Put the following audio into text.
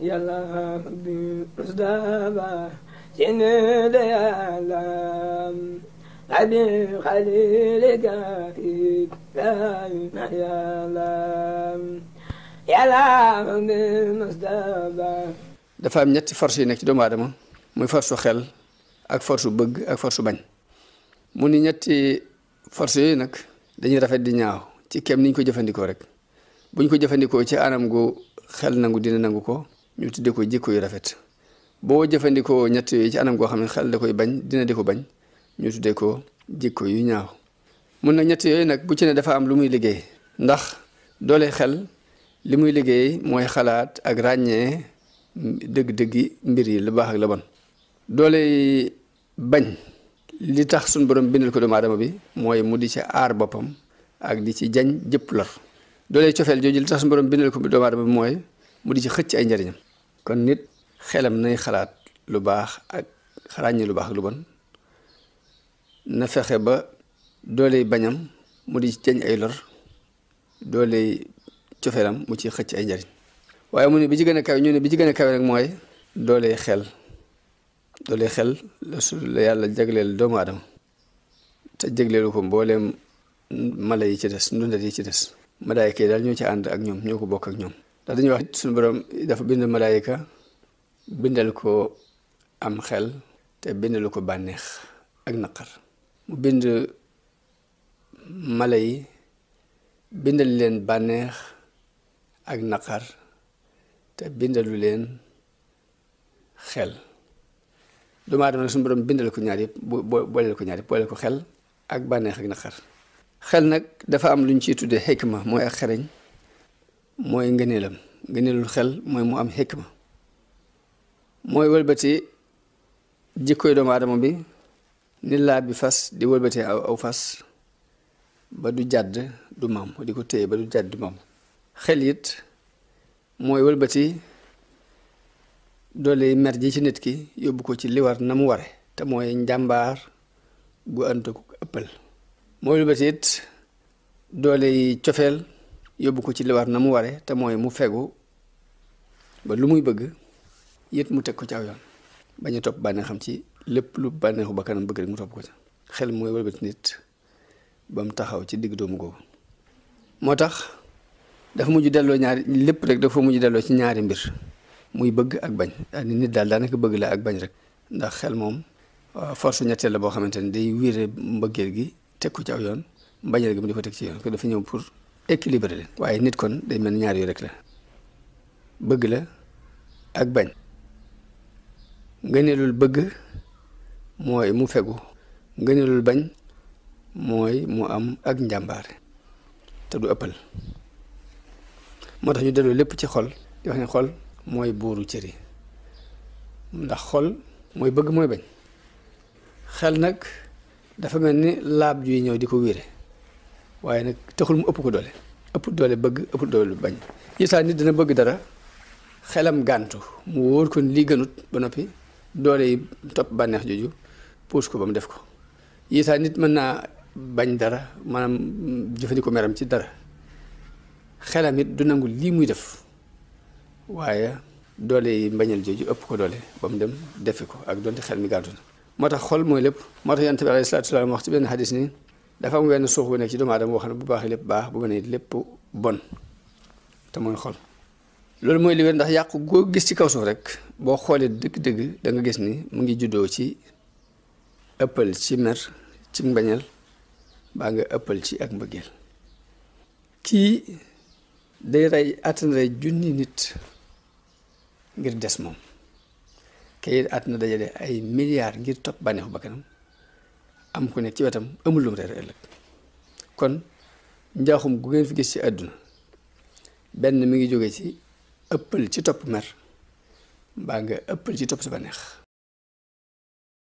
yàlla bi Mustafa ci dafa am ñetti force yu nekk ci doomu aadama muy force xel ak force bëgg ak force bañ mu ni ñetti force yooyu nag dañuy rafet di ñaaw ci kem niñ ko jëfandikoo rek buñ ko jëfandikoo ci anam gu xel nangu dina nangu ko ñu tuddee ko jikko yu rafet boo jëfandikoo ñett yooyu ci anam goo xam ne xel da koy bañ dina di ko bañ ñu tuddee ko jikko yu ñaaw mun nag ñett yooyu nag bu ci ne dafa am lu muy liggéey ndax doole xel li muy liggéey mooy xalaat ak ràññee dëgg-dëggi mbir yi lu baax ak la bon doole bañ li tax suñ borom bindal ko doomu aadama bi mooy mu di ci aar boppam ak di ci jañ jëpp lor doole cofeel jooju li tax borom bindal ko doomu aadama bi mooy mu di ci xëcc ay njariñam kon nit xelam nay xalaat lu baax ak xalaat ñi lu baax ak lu bon na fexe ba dooley bañam mu di jañ ay lor dooley cofeelam mu ci xëcc ay njariñ waaye mu ne bi ci gën a kawe ñu ne bi ci gën a kawe nag mooy dooley xel dooley xel la su la yàlla jagleel doomu aadama te jagleelu ko mbooleem mala yi ci des ndundat yi ci des malaayka yi daal ñoo ci ànd ak ñoom ñoo ko bokk ak ñoom ndax dañuy wax suñu borom dafa bind malaayika bindal ko am xel te bindalu ko bànneex ak naqar mu bind mala yi bindal leen bànneex ak naqar te bindalu leen xel doomu aadama suñu borom bindal ko ñaar yëpp booleel ko ñaar yëpp booleel ko xel ak bànneex ak naqar xel nag dafa am lu ñu ciy tuddee xikma mooy ak xereñ mooy ngëneelam ngëneelul xel mooy mu am xikma mooy walbati jikkoy doomu aadama bi ni laa bi fas di wëlbatee aw fas ba du jàdd du maam di ko téye ba du xel it mooy walbati doole mer ji ci nit ki yóbbu ko ci li war na mu ware te mooy njàmbaar gu ànd ko ëppal mooy wëlbati it doole yi cofeel yóbbu ko ci li na mu ware te mooy mu fegu ba lu muy bëgg yët mu teg ko ci aw yoon bañ a topp bànneexam ci lépp lu bànneexu ba bëgg mu topp ko ci xel mooy wëlbati nit ba mu taxaw ci digg doomu googu moo tax dafa mujj delloo ñaari lépp rek dafa mujj delloo ci ñaari mbir muy bëgg ak bañ ni nit daal daanaka bëgg la ak bañ rek ndax xel moom euh, force ñetteel la boo xamante ni day wiire mbëggeel gi teg ko ci aw yoon mbañeel gi mu di ko teg ci yoon ko dafa ñëw pour équilibré leen waaye nit kon day mel ñaar yu rek la bëgg la ak bañ nga ne lul bëgg mooy mu fegu nga ne lul bañ mooy mu am ak njàmbaare te du ëppal moo tax ñu delloo lépp ci xol di wax ne xol mooy buuru cër ndax xol mooy bëgg mooy bañ xel nag dafa mel ni laab juy ñëw di ko wiire waaye nag taxul mu ëpp ko doole ëpp doole bëgg ëpp doole bañ isaa nit dina bëgg dara xelam gàntu mu wóor ko lii gënut ba noppi doole yi topp bànneex jooju puus ko ba mu def ko isaa nit mën naa bañ dara maanaam jëfandikoo meram ci dara xelam it du nangu lii muy def waaye doole yi mbañal jooju ëpp ko doole ba mu dem defi ko ak doonte xel mi gàntu na moo tax xol mooy lépp moo tax yonent bi alayhi salaatu salaam wax ci benn xadis ni dafa am wenn suux bu nekk ci doomu aadama boo xam ne bu baaxee lépp baax bu bonee lépp bon te mooy xol loolu mooy li ndax yàqu goo gis ci kaw suuf rek boo xoolee dëgg-dëgg danga gis ni mu ngi juddoo ci ëppal ci mer ci mbañal baa nga ëppal ci ak mbëggeel kii day rey àttan rey junni nit ngir des moom kay na dajale ay milliards ngir topp bànneexu bakkanam am ku nekk ci wetam amul lu mu reere ëllëg kon njaaxum gu ngeen fi gis ci àdduna benn mi ngi jóge ci ëppal ci topp mer mbaa nga ëppal ci topp sa bànneex